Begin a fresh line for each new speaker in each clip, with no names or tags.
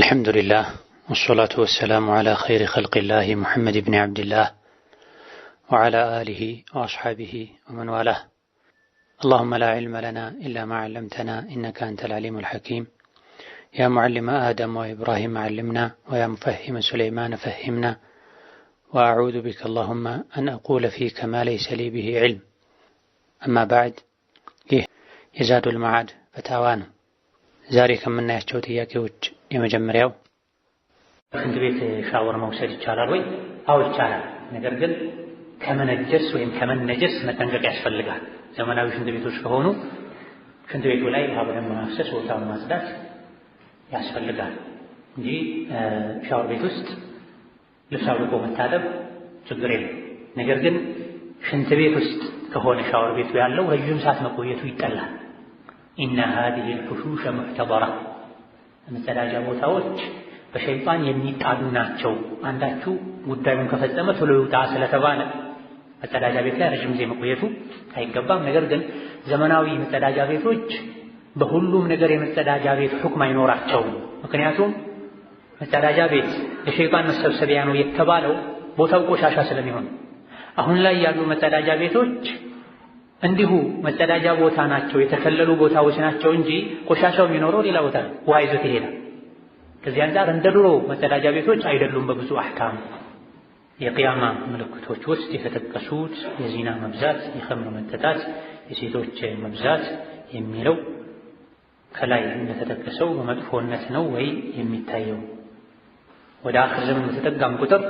الحمد لله والصلاة والسلام على خير خلق الله محمد بن عبد الله وعلى آله وأصحابه ومن والاه اللهم لا علم لنا إلا ما علمتنا إنك أنت العليم الحكيم يا معلم آدم وإبراهيم علمنا ويا مفهم سليمان فهمنا وأعوذ بك اللهم أن أقول فيك ما ليس لي به علم أما بعد يزاد المعاد فتاوانا زاري كمنا ዛሬ ከምናያቸው ጥያቄዎች የመጀመሪያው
ሽንት ቤት ሻወር መውሰድ ይቻላል ወይ? አው ይቻላል። ነገር ግን ከመነጀስ ወይም ከመነጀስ መጠንቀቅ ያስፈልጋል። ዘመናዊ ሽንት ቤቶች ከሆኑ ሽንት ቤቱ ላይ ውሃ በደንብ ማፍሰስ፣ ቦታውን ማጽዳት ያስፈልጋል እንጂ ሻወር ቤት ውስጥ ልብስ አውልቆ መታጠብ ችግር የለም። ነገር ግን ሽንት ቤት ውስጥ ከሆነ ሻወር ቤቱ ያለው ረዥም ሰዓት መቆየቱ ይጠላል። ኢነ ሃዲሂ ልሑሹሸ ሙሕተበራ መጸዳጃ ቦታዎች በሸይጣን የሚጣሉ ናቸው። አንዳችሁ ጉዳዩን ከፈጸመ ቶሎ ይውጣ ስለተባለ መጸዳጃ ቤት ላይ ረጅም ጊዜ መቆየቱ አይገባም። ነገር ግን ዘመናዊ መጸዳጃ ቤቶች በሁሉም ነገር የመጸዳጃ ቤት ሁክም አይኖራቸውም። ምክንያቱም መጸዳጃ ቤት ለሸይጣን መሰብሰቢያ ነው የተባለው ቦታው ቆሻሻ ስለሚሆን አሁን ላይ ያሉ መጸዳጃ ቤቶች እንዲሁ መጸዳጃ ቦታ ናቸው የተከለሉ ቦታዎች ናቸው እንጂ ቆሻሻው የሚኖረው ሌላ ቦታ ነው። ውሃ ይዞት ይሄዳል። ከዚህ አንጻር እንደ ድሮ መጸዳጃ ቤቶች አይደሉም። በብዙ አህካም የቅያማ ምልክቶች ውስጥ የተጠቀሱት የዚና መብዛት፣ የኸምር መጠጣት፣ የሴቶች መብዛት የሚለው ከላይ እንደተጠቀሰው በመጥፎነት ነው ወይ የሚታየው? ወደ አክር ዘመን በተጠጋም ቁጥር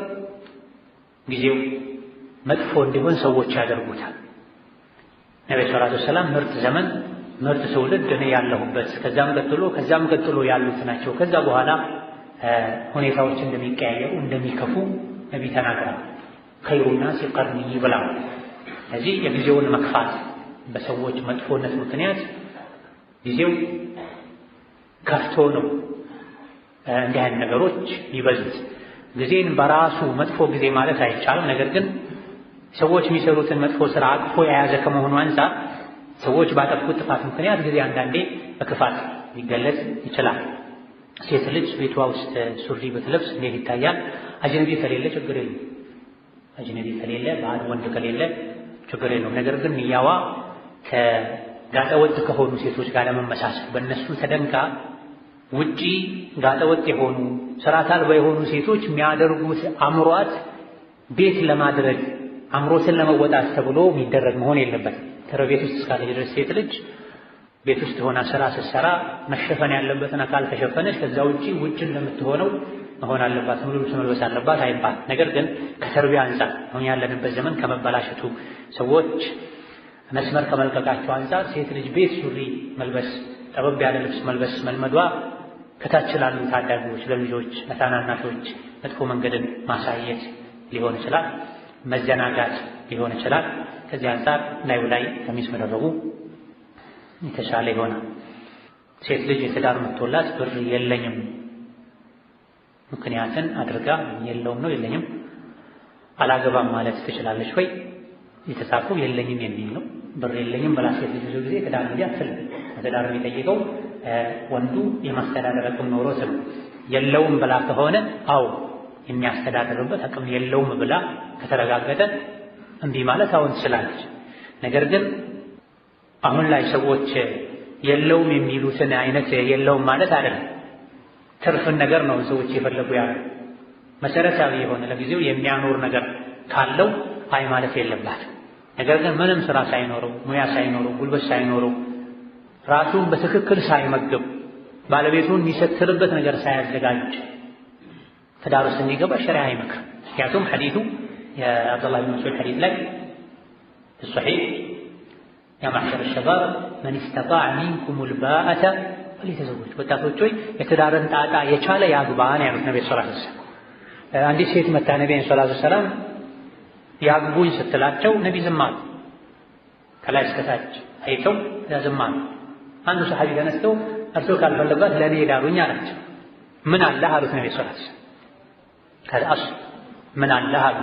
ጊዜው መጥፎ እንዲሆን ሰዎች ያደርጉታል። ነቢ ሰላቱ ሰላም ምርጥ ዘመን ምርጥ ትውልድ እኔ ያለሁበት ከዛም ቀጥሎ ከዛም ቀጥሎ ያሉት ናቸው። ከዛ በኋላ ሁኔታዎች እንደሚቀያየሩ እንደሚከፉ ነቢ ተናግረዋል። ኸይሩና ሲቀርኒ ይብላ። ስለዚህ የጊዜውን መክፋት በሰዎች መጥፎነት ምክንያት ጊዜው ከፍቶ ነው እንዲህ አይነት ነገሮች ይበዙት። ጊዜን በራሱ መጥፎ ጊዜ ማለት አይቻልም። ነገር ግን ሰዎች የሚሰሩትን መጥፎ ስራ አቅፎ የያዘ ከመሆኑ አንፃር ሰዎች ባጠፉት ጥፋት ምክንያት ጊዜ አንዳንዴ በክፋት ሊገለጽ ይችላል። ሴት ልጅ ቤቷ ውስጥ ሱሪ ብትለብስ እንዴት ይታያል? አጅነቢ ከሌለ ችግር የለም። አጅነቢ ከሌለ ባዕድ ወንድ ከሌለ ችግር የለውም። ነገር ግን ንያዋ ከጋጠወጥ ከሆኑ ሴቶች ጋር ለመመሳሰል በእነሱ ተደንቃ ውጪ ጋጠወጥ የሆኑ ስርዓት አልባ የሆኑ ሴቶች የሚያደርጉት አምሯት ቤት ለማድረግ አምሮትን ለመወጣት ተብሎ የሚደረግ መሆን የለበትም። ተረ ቤት ውስጥ እስካለች ድረስ ሴት ልጅ ቤት ውስጥ ሆና ስራ ስትሰራ መሸፈን ያለበትን አካል ተሸፈነች። ከዛ ውጪ ውጭ እንደምትሆነው መሆን አለባት፣ ሙሉ ልብስ መልበስ አለባት አይባል። ነገር ግን ከተርቢያ አንጻር አሁን ያለንበት ዘመን ከመበላሸቱ ሰዎች መስመር ከመልቀቃቸው አንጻር ሴት ልጅ ቤት ሱሪ መልበስ፣ ጠበብ ያለ ልብስ መልበስ መልመዷ ከታች ላሉ ታዳጊዎች፣ ለልጆች፣ ለታናናሾች መጥፎ መንገድን ማሳየት ሊሆን ይችላል። መዘናጋት ሊሆን ይችላል። ከዚህ አንጻር ላዩ ላይ ቀሚስ መደረጉ የተሻለ ይሆናል። ሴት ልጅ የትዳር መጥቶላት ብር የለኝም ምክንያትን አድርጋ የለውም ነው የለኝም አላገባም ማለት ትችላለች ወይ? የተጻፈው የለኝም የሚል ነው። ብር የለኝም ብላ ሴት ልጅ ብዙ ጊዜ ትዳር እንጂ አትልም። ትዳር የሚጠይቀው ወንዱ የማስተዳደር አቅም ኖሮት ነው። የለውም ብላ ከሆነ አዎ የሚያስተዳድርበት አቅም የለውም ብላ ከተረጋገጠ እምቢ ማለት አሁን ትችላለች። ነገር ግን አሁን ላይ ሰዎች የለውም የሚሉትን አይነት የለውም ማለት አይደለም። ትርፍን ነገር ነው ሰዎች የፈለጉ ያለ መሰረታዊ የሆነ ለጊዜው የሚያኖር ነገር ካለው አይ ማለት የለባት። ነገር ግን ምንም ስራ ሳይኖረው ሙያ ሳይኖረው ጉልበት ሳይኖረው ራሱን በትክክል ሳይመግብ ባለቤቱን የሚሰትርበት ነገር ሳያዘጋጅ ትዳር ውስጥ እንዲገባ ሸሪዓ አይመክርም። ምክንያቱም ሐዲቱ የአብዱላህ ብን መስዑድ ሐዲት ላይ ሶሒሕ ያ ማዕሸረ ሸባብ መን ስተጣዕ ሚንኩም ልባአተ ፈሊተዘወጅ፣ ወጣቶች ሆይ የትዳርን ጣጣ የቻለ ያግባ ነው ያሉት ነቢ ስ ሰለም። አንዲት ሴት መታ ነቢን ስ ሰላም ያግቡኝ ስትላቸው ነቢ ዝም አሉ። ከላይ እስከታች አይተው ዝም አሉ። አንዱ ሰሓቢ ተነስተው እርሶ ካልፈለጓት ለእኔ ዳሩኝ አላቸው። ምን አለ አሉት ነቢ ስ ሰለም ከልአስል ምን አለህ አሉ።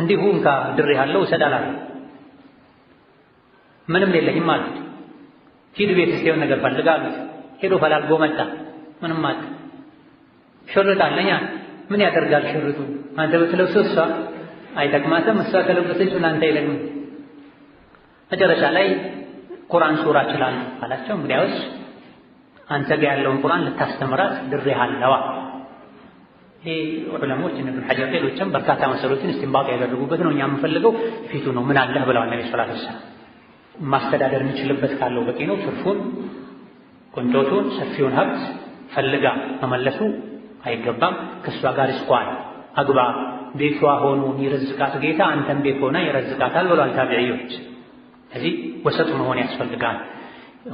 እንዲሁ እንካ ድሬ ያለው እሰዳለሁ ምንም የለኝም አሉት። ሂድ ቤት ሲሆን ነገር ፈልግ አሉት። ሄዶ ፈላልጎ መጣ። ምንም አጣ። ሽርጥ አለኛ ምን ያደርጋል ሽርጡ? አንተ ብትለብሰው እሷ አይጠቅማትም፣ እሷ ከለበሰች ለአንተ አይጠቅም። መጨረሻ ላይ ቁርአን ሱራ እችላለሁ አላቸው። እንግዲያውስ አንተ ጋር ያለውን ቁርአን ልታስተምራት ድሬ አለዋ ይሄ ዑለሞች እነ ኢብኑ ሐጀር ሌሎችም በርካታ መሰሎችን እስቲንባጥ ያደረጉበት ነው። እኛ የምንፈልገው ፊቱ ነው። ምን አለህ ብለዋል ነቢ ሰለላሁ ዐለይሂ ማስተዳደር የሚችልበት ካለው በቂ ነው። ትርፉን፣ ቁንጮቱን፣ ሰፊውን ሀብት ፈልጋ መመለሱ አይገባም። ከእሷ ጋር እስኳል አግባ፣ ቤቷ ሆኖ ይረዝቃት ጌታ፣ አንተም ቤት ሆና ይረዝቃታል ብለዋል ታቢዕዮች። እዚህ ወሰጥ መሆን ያስፈልጋል።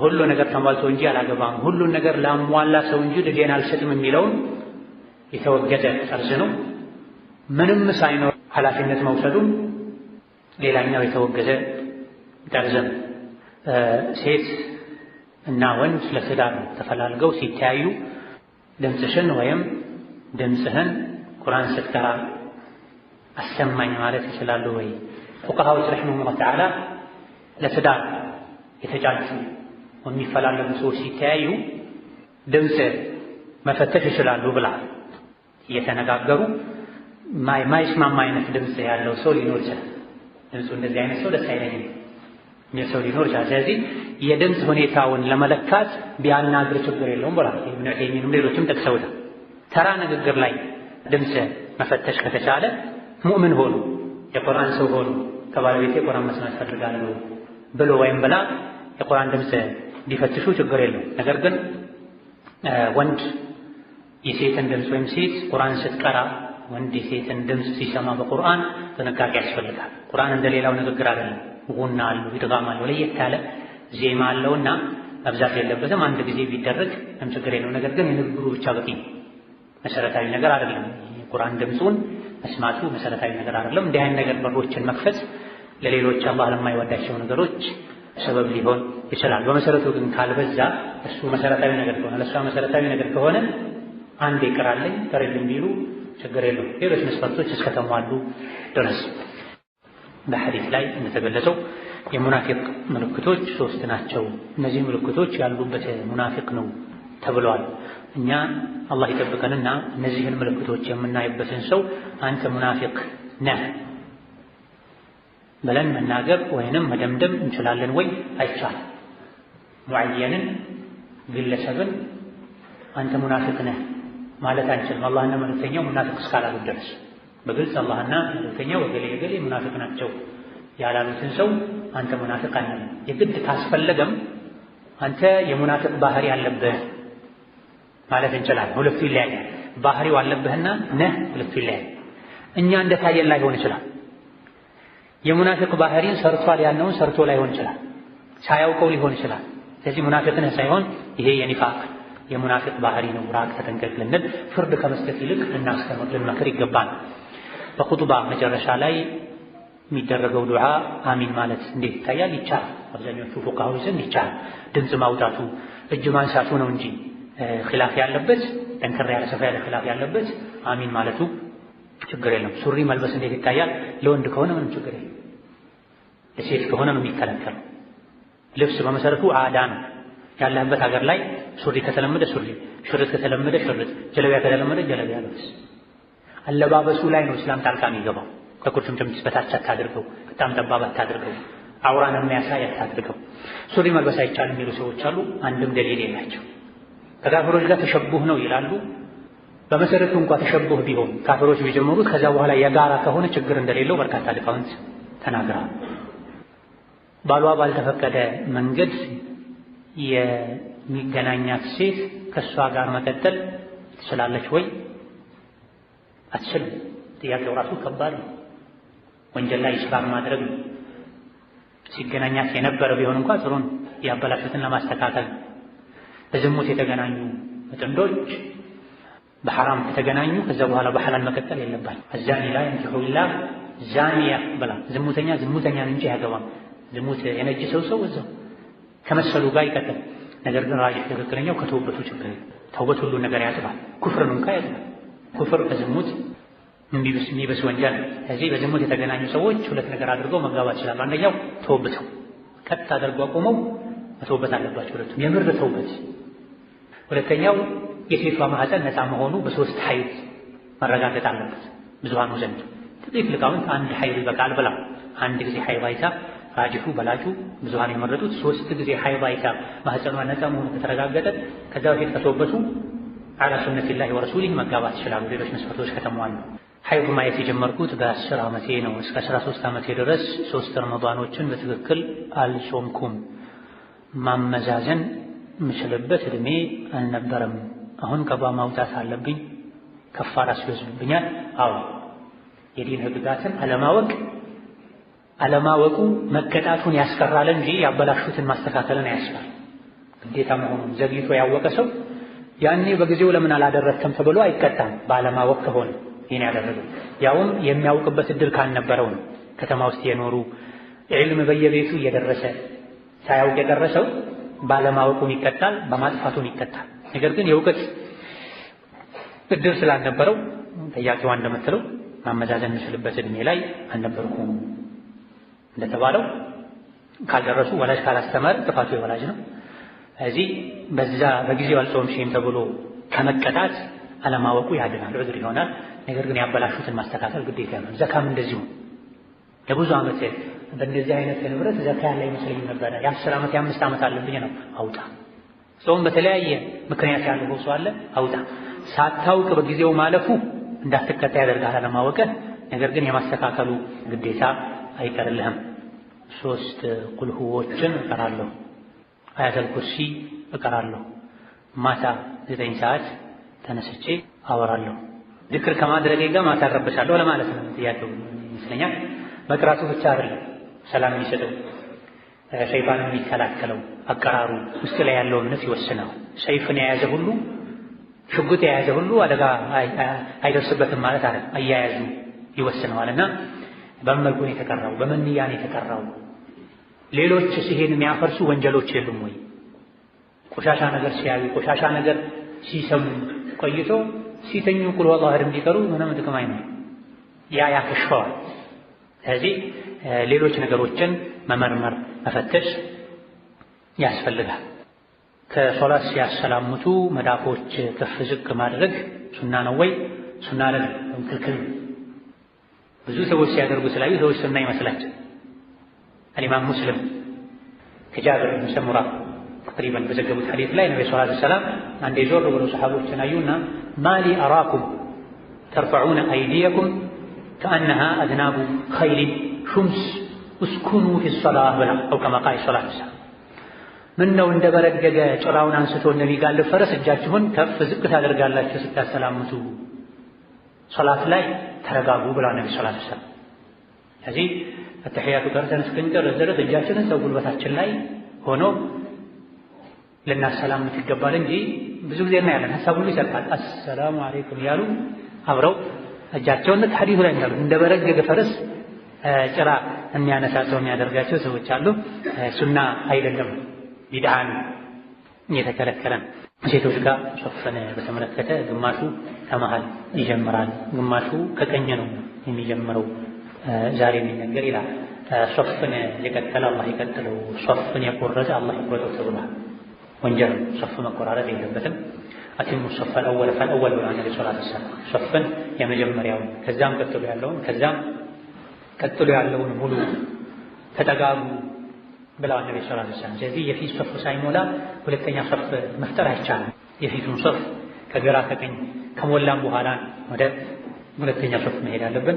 ሁሉ ነገር ተሟልቶ እንጂ አላገባም፣ ሁሉን ነገር ላሟላ ሰው እንጂ ልጄን አልሰጥም የሚለውን የተወገደ ጠርዝ ነው። ምንም ሳይኖር ኃላፊነት መውሰዱም ሌላኛው የተወገዘ ጠርዝ ነው። ሴት እና ወንድ ለትዳር ተፈላልገው ሲተያዩ ድምፅሽን ወይም ድምፅህን ቁርአን ስትቀራ አሰማኝ ማለት ይችላሉ ወይ? ፉቃሃዎች ረሒመሁሙላህ ተዓላ ለትዳር የተጫጩ የሚፈላለጉ ሰዎች ሲተያዩ ድምፅ መፈተሽ ይችላሉ ብላል። እየተነጋገሩ ማይስማማ አይነት ድምፅ ያለው ሰው ሊኖር ይችላል። ድምፁ እንደዚህ አይነት ሰው ደስ አይለኝም የሚል ሰው ሊኖር ይችላል። ስለዚህ የድምፅ ሁኔታውን ለመለካት ቢያናግር ችግር የለውም ብሏል። ኢብኑ ዑሰይሚንም ሌሎችም ጠቅሰውታል። ተራ ንግግር ላይ ድምፅ መፈተሽ ከተቻለ ሙእምን ሆኑ የቁርአን ሰው ሆኑ ከባለቤቴ የቁርአን መስማት እፈልጋለሁ ብሎ ወይም ብላ የቁርአን ድምፅ ቢፈትሹ ችግር የለውም። ነገር ግን ወንድ የሴትን ድምፅ ወይም ሴት ቁርአን ስትቀራ ወንድ የሴትን ድምፅ ሲሰማ በቁርአን ጥንቃቄ ያስፈልጋል። ቁርአን እንደሌላው ንግግር አይደለም። ጉና አለው፣ ይድጋም አለው፣ ለየት ያለ ዜማ አለውና መብዛት የለበትም። አንድ ጊዜ ቢደረግ ምንም ችግር የለው። ነገር ግን የንግግሩ ብቻ በቂ መሰረታዊ ነገር አይደለም። የቁርአን ድምፁን መስማቱ መሰረታዊ ነገር አይደለም። እንዲህ አይነት ነገር በሮችን መክፈት ለሌሎች አላህ ለማይወዳቸው ነገሮች ሰበብ ሊሆን ይችላል። በመሰረቱ ግን ካልበዛ እሱ መሰረታዊ ነገር ከሆነ ለእሷ መሰረታዊ ነገር ከሆነ አንድ ይቅራለኝ ተረጅም ቢሉ ችግር የለው ሌሎች መስፈርቶች እስከተሟሉ ድረስ በሐዲስ ላይ እንደተገለጸው የሙናፊቅ ምልክቶች ሶስት ናቸው። እነዚህ ምልክቶች ያሉበት ሙናፊቅ ነው ተብለዋል። እኛ አላህ ይጠብቀንና እነዚህን ምልክቶች የምናይበትን ሰው አንተ ሙናፊቅ ነህ ብለን መናገር ወይንም መደምደም እንችላለን ወይ? አይቻል ሙዓየንን ግለሰብን አንተ ሙናፊቅ ነህ ማለት አንችልም። አላህና መልእክተኛው ሙናፊቅ እስካላሉ ድረስ በግልጽ አላህና መልእክተኛው እገሌ እገሌ ሙናፊቅ ናቸው ያላሉትን ሰው አንተ ሙናፊቅ አለ የግድ ካስፈለገም አንተ የሙናፊቅ ባህሪ አለብህ ማለት እንችላለን። ሁለቱ ይለያያል። ባህሪው አለብህና ነህ ሁለቱ ይለያያል። እኛ እንደታየን ላይሆን ይችላል። የሙናፊቅ ባህሪን ሰርቷል ያልነውን ሰርቶ ላይሆን ይችላል። ሳያውቀው ሊሆን ይችላል። ስለዚህ ሙናፊቅ ነህ ሳይሆን ይሄ የኒፋቅ የሙናፊቅ ባህሪ ነው። ራቅ ተጠንቀቅ ልንል ፍርድ ከመስጠት ይልቅ ልናስተምር ልንመክር ይገባል። በኹጥባ መጨረሻ ላይ የሚደረገው ዱዓ አሚን ማለት እንዴት ይታያል? ይቻላል። አብዛኞቹ ፉቃዎች ዘንድ ይቻላል። ድምፅ ማውጣቱ እጅ ማንሳቱ ነው እንጂ ኺላፍ ያለበት ጠንከር ያለ ሰፋ ያለ ኺላፍ ያለበት አሚን ማለቱ ችግር የለም። ሱሪ መልበስ እንዴት ይታያል? ለወንድ ከሆነ ምንም ችግር የለም። ለሴት ከሆነ ነው የሚከለከለው። ልብስ በመሰረቱ አዳ ነው። ያለህበት ሀገር ላይ ሱሪ ከተለመደ ሱሪ፣ ሽርጥ ከተለመደ ሽርጥ፣ ጀለቢያ ከተለመደ ጀለቢያ ልብስ። አለባበሱ ላይ ነው እስላም ጣልቃ የሚገባው። ከቁርጭምጭሚት በታች አታድርገው፣ በጣም ጠባብ አታድርገው፣ አውራን የሚያሳይ አታድርገው። ሱሪ መልበስ አይቻልም የሚሉ ሰዎች አሉ። አንድም ደሊል የላቸው። ከካፍሮች ጋር ተሸቡህ ነው ይላሉ። በመሰረቱ እንኳ ተሸቡህ ቢሆን ካፍሮች ቢጀምሩት ከዛ በኋላ የጋራ ከሆነ ችግር እንደሌለው በርካታ ሊቃውንት ተናግረዋል። ባሏ ባልተፈቀደ መንገድ የሚገናኛት ሴት ከእሷ ጋር መቀጠል ትችላለች ወይ? አትችልም። ጥያቄው ራሱ ከባድ ነው። ወንጀል ላይ ኢስራር ማድረግ ነው። ሲገናኛት የነበረ ቢሆን እንኳ ጥሩን ያበላሹትን ለማስተካከል በዝሙት የተገናኙ ጥንዶች በሐራም ከተገናኙ ከዛ በኋላ በሐላል መቀጠል የለባል። አዛኒ ላይ እንኪሁ ዛኒያ ብላ ዝሙተኛ ዝሙተኛን እንጂ አያገባም። ዝሙት ሰው ሰው እዛው ከመሰሉ ጋር ይቀጥል። ነገር ግን ራጅህ ትክክለኛው ከተውበቱ ችግር ተውበት ሁሉ ነገር ያጥባል። ኩፍርን እንኳ ያጥባል። ኩፍር በዝሙት የሚበስ ወንጀል። ስለዚህ በዝሙት የተገናኙ ሰዎች ሁለት ነገር አድርገው መጋባት ይችላሉ። አንደኛው ተውብተው ቀጥ አድርገው አቁመው መተውበት አለባቸው፣ ሁለቱም የምር ተውበት። ሁለተኛው የሴቷ ማህፀን ነፃ መሆኑ በሶስት ኃይል መረጋገጥ አለበት ብዙሃኑ ዘንድ። ጥቂት ሊቃውንት አንድ ኃይል ይበቃል ብላ አንድ ጊዜ ኃይል ራጅሑ በላጩ ብዙሃን የመረጡት ሶስት ጊዜ ሀይባ ይታ ማህፀኗ ነፃ መሆኑ ከተረጋገጠ ከዛ በፊት ከተወበቱ አላ ሱነቲላሂ ወረሱሊህ መጋባት ይችላሉ። ሌሎች መስፈርቶች ከተሟሉ ነው። ማየት የጀመርኩት በአስር ዓመቴ ነው። እስከ አስራ ሶስት ዓመቴ ድረስ ሶስት ረመዳኖችን በትክክል አልጾምኩም። ማመዛዘን ምችልበት እድሜ አልነበረም። አሁን ከባ ማውጣት አለብኝ። ከፋራ ሲወስድብኛል። አዎ የዲን ህግጋትን አለማወቅ አለማወቁ መቀጣቱን ያስቀራል እንጂ ያበላሹትን ማስተካከልን አያስፈር። ግዴታ መሆኑን ዘግይቶ ያወቀ ሰው ያኔ በጊዜው ለምን አላደረክም ተብሎ አይቀጣም። ባለማወቅ ከሆነ ይህን ያደረገው ያውም የሚያውቅበት እድል ካልነበረው ነው። ከተማ ውስጥ የኖሩ ዕልም በየቤቱ እየደረሰ ሳያውቅ የደረሰው ሰው ይቀጣል፣ በማጥፋቱም ይቀጣል። ነገር ግን የእውቀት እድል ስላልነበረው ጥያቄዋ እንደምትለው ማመዛዘን የምችልበት እድሜ ላይ አልነበርኩም እንደተባለው ካልደረሱ ወላጅ ካላስተማር ጥፋቱ የወላጅ ነው። እዚህ በዛ በጊዜው አልጾምሽም ተብሎ ከመቀጣት አለማወቁ ያድናል፣ ዑድር ይሆናል። ነገር ግን ያበላሹትን ማስተካከል ግዴታ ነው። ዘካም እንደዚሁ ለብዙ ዓመት በእንደዚህ አይነት ንብረት ዘካ ያለ አይመስለኝም ነበረ። የአስር ዓመት የአምስት ዓመት አለብኝ ነው አውጣ። ጾም በተለያየ ምክንያት ያለው ሰው አለ አውጣ። ሳታውቅ በጊዜው ማለፉ እንዳትከታ ያደርጋል አለማወቀ ነገር ግን የማስተካከሉ ግዴታ አይቀርልህም። ሶስት ቁልህዎችን እቀራለሁ፣ አያተል ኩርሲ እቀራለሁ። ማታ ዘጠኝ ሰዓት ተነስቼ አወራለሁ። ዝክር ከማድረጌ ጋር ማታ እረበሻለሁ ለማለት ነው ጥያቄው ይመስለኛል። መቅራቱ ብቻ አይደለም ሰላም የሚሰጠው ሸይጣን የሚከላከለው አቀራሩ ውስጥ ላይ ያለው እምነት ይወስነው። ሰይፍን የያዘ ሁሉ ሽጉጥ የያዘ ሁሉ አደጋ አይደርስበትም ማለት አይደለም። አያያዙ ይወስነዋልና በምን መልኩ ነው የተቀራው? በመንያ ነው የተቀራው? ሌሎች ይሄን የሚያፈርሱ ወንጀሎች የሉም ወይ? ቆሻሻ ነገር ሲያዩ፣ ቆሻሻ ነገር ሲሰሙ ቆይቶ ሲተኙ ቁል ወላሂ አሐድ ቢቀሩ ምንም ጥቅም አይነው። ያ ያከሽፈዋል። ስለዚህ ሌሎች ነገሮችን መመርመር መፈተሽ ያስፈልጋል። ከሶላት ሲያሰላምቱ መዳፎች ከፍ ዝቅ ማድረግ ሱና ነው ወይ? ሱና ነው ክልክል ብዙ ሰዎች ሲያደርጉ ስላዩ ሰዎች ሱና ይመስላቸው። አልኢማም ሙስሊም ከጃብር ብን ሰሙራ ተቅሪበን በዘገቡት ሐዲስ ላይ ነብዩ ሰለላሁ ዐለይሂ ወሰለም አንዴ ዞር ብለው ሰሐቦችን አዩና ማሊ አራኩም ተርፈዑነ አይዲየኩም ከአነሃ አዝናቡ ኸይሊ ሹምስ እስኩኑ ፊ ብላ አው ከማ ሰላት ሰ ምን ነው እንደ በረገገ ጭራውን አንስቶ እንደሚጋልብ ፈረስ እጃችሁን ከፍ ዝቅ ታደርጋላችሁ ስታሰላምቱ ሶላት ላይ ተረጋጉ ብላ ነቢ ሶላት ሰለም። ስለዚህ አተሕያቱ ጋር ተነስክንጨረስ ድረስ እጃችንን ሰው ጉልበታችን ላይ ሆኖ ሰላም ይገባል እንጂ ብዙ ጊዜ እናያለን ሀሳብ ሁሉ ይሰርቃል። አሰላሙ አለይኩም እያሉ አብረው እጃቸውን ልክ ሐዲሱ ላይ እንዳሉ እንደ ፈረስ ጭራ የሚያነሳቸው የሚያደርጋቸው ሰዎች አሉ። ሱና አይደለም፣ ቢድዓ ነው፣ እየተከለከለ ሴቶች ጋር ሸፈነ በተመለከተ ግማሹ ከመሃል ይጀምራል። ግማሹ ከቀኝ ነው የሚጀምረው ዛሬ የሚነገር ይላል። ሶፍን የቀጠለ አላህ ይቀጥለው፣ ሶፍን የቆረጠ አላህ ይቆረጠው ተብሏል። ወንጀል ሶፍ መቆራረጥ የለበትም። አቲሙ ሶፍ አልአወል ፈልአወል ብሏል ነቢ ሰለላሁ ዐለይሂ ሶፍን የመጀመሪያውን ከዛም ቀጥሎ ያለውን ከዛም ቀጥሎ ያለውን ሙሉ ተጠጋጉ ብለዋል ነቢ ሰለላሁ ዐለይሂ ስለዚህ የፊት ሶፍ ሳይሞላ ሁለተኛ ሶፍ መፍጠር አይቻልም። የፊቱን ሶፍ ከግራ ከቀኝ ከሞላም በኋላ ወደ ሁለተኛ ሶፍ መሄድ አለብን።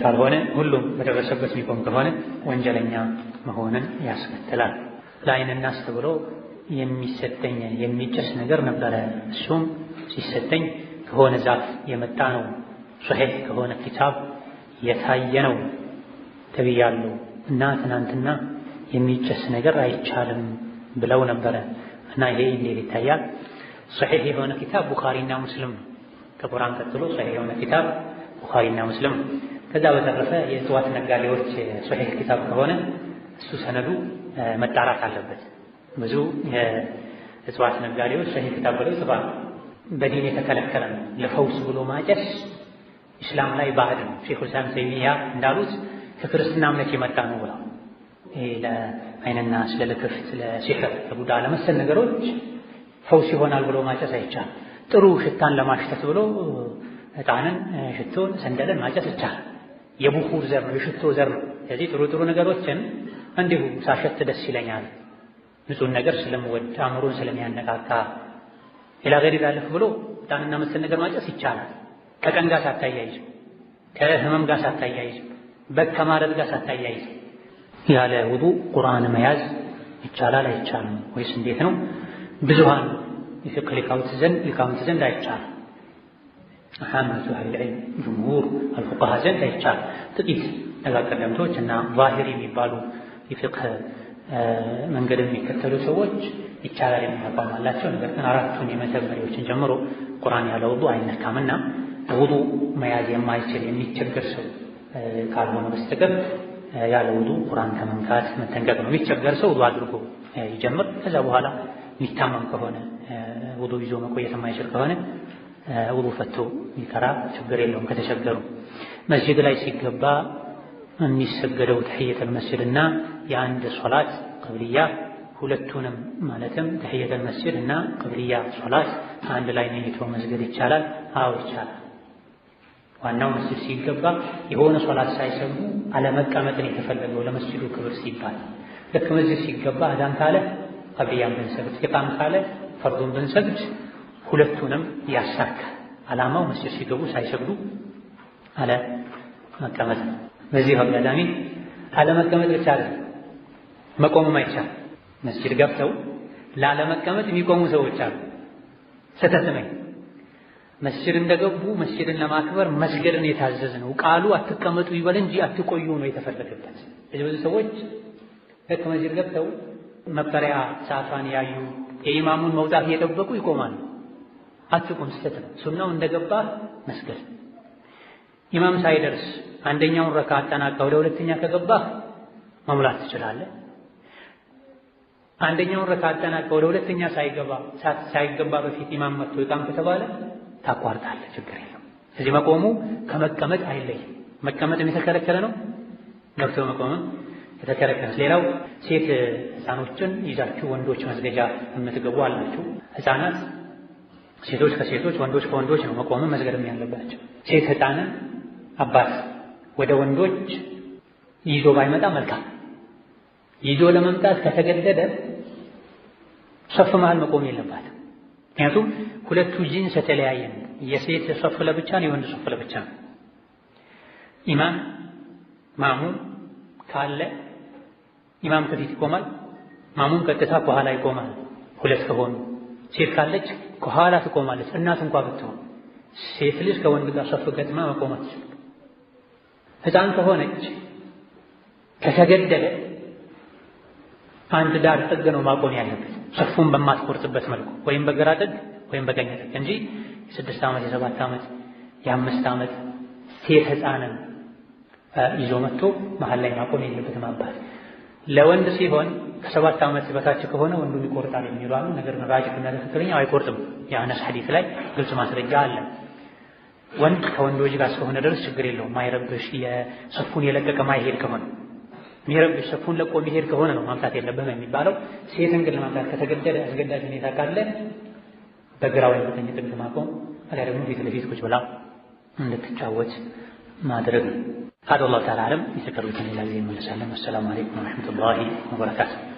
ካልሆነ ሁሉም በደረሰበት የሚቆም ከሆነ ወንጀለኛ መሆንን ያስከትላል። ለአይን ናስ ተብሎ የሚሰጠኝ የሚጨስ ነገር ነበረ። እሱም ሲሰጠኝ ከሆነ ዛፍ የመጣ ነው፣ ሶሒህ ከሆነ ኪታብ የታየ ነው ተብያለሁ እና ትናንትና የሚጨስ ነገር አይቻልም ብለው ነበረ እና ይሄ እንዴት ይታያል? ሰሒህ የሆነ ኪታብ ቡኻሪና ሙስልም ነው። ከቁርአን ቀጥሎ ሰሒህ የሆነ ኪታብ ቡኻሪና ሙስልም ነው። ከዛ በተረፈ የእጽዋት ነጋዴዎች ሰሒህ ኪታብ ከሆነ እሱ ሰነዱ መጣራት አለበት። ብዙ የእጽዋት ነጋዴዎች ሰሒህ ኪታብ ብለው ይጽፋሉ። በዲን የተከለከለ ነው። ለፈውስ ብሎ ማጨስ ኢስላም ላይ ባዕድ ነው። ሼኹ ልእስላም ተይሚያ እንዳሉት ከክርስትና እምነት የመጣ ነው ብለው ይሄ ለአይንና ስለልክፍት ለሲሕር ለቡዳ ለመሰል ነገሮች ፈውስ ይሆናል ብሎ ማጨስ አይቻልም። ጥሩ ሽታን ለማሽተት ብሎ እጣንን ሽቶን፣ ሰንደልን ማጨስ ይቻላል። የቡኹር ዘር የሽቶ ዘር ነው። ስለዚህ ጥሩ ጥሩ ነገሮችን እንዲሁ ሳሸት ደስ ይለኛል፣ ንጹህ ነገር ስለምወድ፣ አእምሮን ስለሚያነቃቃ ሌላ ገሪ ላለፍ ብሎ ዕጣንና መሰል ነገር ማጨስ ይቻላል። ከቀን ጋር ሳታያይዝ፣ ከህመም ጋር ሳታያይዝ፣ ከማረድ ጋር ሳታያይዝ ያለ ውዱ ቁርአን መያዝ ይቻላል አይቻልም ወይስ እንዴት ነው? ብዙሃን የፊቅህ ሊቃውንት ዘንድ ሊቃውንት ዘንድ አይቻልም። አሐመቱ አህልዕልም ጅምሁር አልፉቃሃ ዘንድ አይቻልም። ጥቂት ነጋ ነጋቀደምቶች እና ቫሂር የሚባሉ የፊቅህ መንገድን የሚከተሉ ሰዎች ይቻላል የሚል አቋም አላቸው። ነገር ግን አራቱን የመጀመሪያዎችን ጀምሮ ቁርአን ያለ ውዱእ አይነካምና ውዱ መያዝ የማይችል የሚቸገር ሰው ካልሆነ በስተቀር ያለ ውዱ ቁርአን ከመንካት መጠንቀቅ ነው። የሚቸገር ሰው ውዱ አድርጎ ይጀምር ከዛ በኋላ የሚታመም ከሆነ ውዱ ይዞ መቆየት የማይችል ከሆነ ውዱ ፈቶ የሚቀራ ችግር የለውም። ከተቸገሩ መስጅድ ላይ ሲገባ የሚሰገደው ተሕየተል መስጅድ እና የአንድ ሶላት ቅብልያ ሁለቱንም ማለትም ተሕየተል መስጅድ እና ቅብልያ ሶላት አንድ ላይ ነኝቶ መስገድ ይቻላል? አዎ ይቻላል። ዋናው መስጅድ ሲገባ የሆነ ሶላት ሳይሰሙ አለመቀመጥን የተፈለገው ለመስጅዱ ክብር ሲባል ልክ መስጅድ ሲገባ አዛን ካለ ቀብያም ብንሰግድ ኢቃም ካለ ፈርዱን ብንሰግድ ሁለቱንም ያሳካ ዓላማው መስጂድ ሲገቡ ሳይሰግዱ አለ መቀመጥ ነው። በዚህ አጋጣሚ አለመቀመጥ ብቻ አለ መቆምም አይቻል። መስጂድ ገብተው ላለመቀመጥ የሚቆሙ ሰዎች አሉ። ስህተት ነው። መስጂድ እንደገቡ መስጂድን ለማክበር መስገድን የታዘዝ ነው። ቃሉ አትቀመጡ ይበል እንጂ አትቆዩ ነው የተፈለገበት። ብዙ ሰዎች ልክ መስጂድ ገብተው መፈሪያ ሳፋን ያዩ የኢማሙን መውጣት እየጠበቁ ይቆማሉ። አትቁም፣ ስህተት ነው። ሱናው እንደገባ መስገድ። ኢማም ሳይደርስ አንደኛውን ረካ አጠናቀህ ወደ ሁለተኛ ከገባህ መሙላት ትችላለህ። አንደኛውን ረካ አጠናቀህ ወደ ሁለተኛ ሳይገባ ሳይገባ በፊት ኢማም መጥቶ ይቃም ከተባለ ታቋርጣለህ፣ ችግር የለም። እዚህ መቆሙ ከመቀመጥ አይለይም። መቀመጥም የተከለከለ ነው፣ ገብቶ መቆምም የተከለከሉት። ሌላው ሴት ህፃኖችን ይዛችሁ ወንዶች መስገጃ የምትገቡ አላችሁ። ህፃናት ሴቶች ከሴቶች ወንዶች ከወንዶች ነው መቆምም መስገድም ያለባቸው። ሴት ህፃንን አባት ወደ ወንዶች ይዞ ባይመጣ መልካም። ይዞ ለመምጣት ከተገደደ ሶፍ መሃል መቆም የለባት ምክንያቱም ሁለቱ ጂንስ የተለያየ ነው። የሴት ሶፍ ለብቻ ነው፣ የወንድ ሶፍ ለብቻ ነው። ኢማም ማሙም ካለ ኢማም ከፊት ይቆማል፣ ማሙም ቀጥታ ከኋላ ይቆማል። ሁለት ከሆኑ ሴት ካለች ከኋላ ትቆማለች። እናት እንኳ ብትሆን ሴት ልጅ ከወንድ ጋር ሰፍ ገጥማ መቆማት። ሕፃን ከሆነች ከተገደለ አንድ ዳር ጥግ ነው ማቆም ያለበት ሰፉን በማትቆርጥበት መልኩ ወይም በግራ ጥግ ወይም በቀኝ ጥግ እንጂ የስድስት ዓመት የሰባት ዓመት የአምስት ዓመት ሴት ሕፃንን ይዞ መጥቶ መሀል ላይ ማቆም የለበትም አባት ለወንድ ሲሆን ከሰባት ዓመት በታች ከሆነ ወንዱ ይቆርጣል የሚሉ አሉ። ነገር ግን ራጅሕና ትክክለኛው አይቆርጥም። የአነስ ሐዲስ ላይ ግልጽ ማስረጃ አለ። ወንድ ከወንድ ልጅ ጋር እስከሆነ ድረስ ችግር የለውም። ማይረብሽ የሰፉን የለቀቀ ማይሄድ ከሆነ የሚረብሽ ሰፉን ለቆ የሚሄድ ከሆነ ነው ማምጣት የለብህም የሚባለው። ሴትን ግን ለማምጣት ከተገደደ አስገዳጅ ሁኔታ ካለ በግራ ወይም በቀኝ ጥግ ማቆም አሊያ ደግሞ ፊት ለፊት ቁጭ ብላ እንድትጫወት ማድረግ ነው። هذا والله تعالى أعلم يذكر بكم إلى الذين والسلام عليكم ورحمة الله وبركاته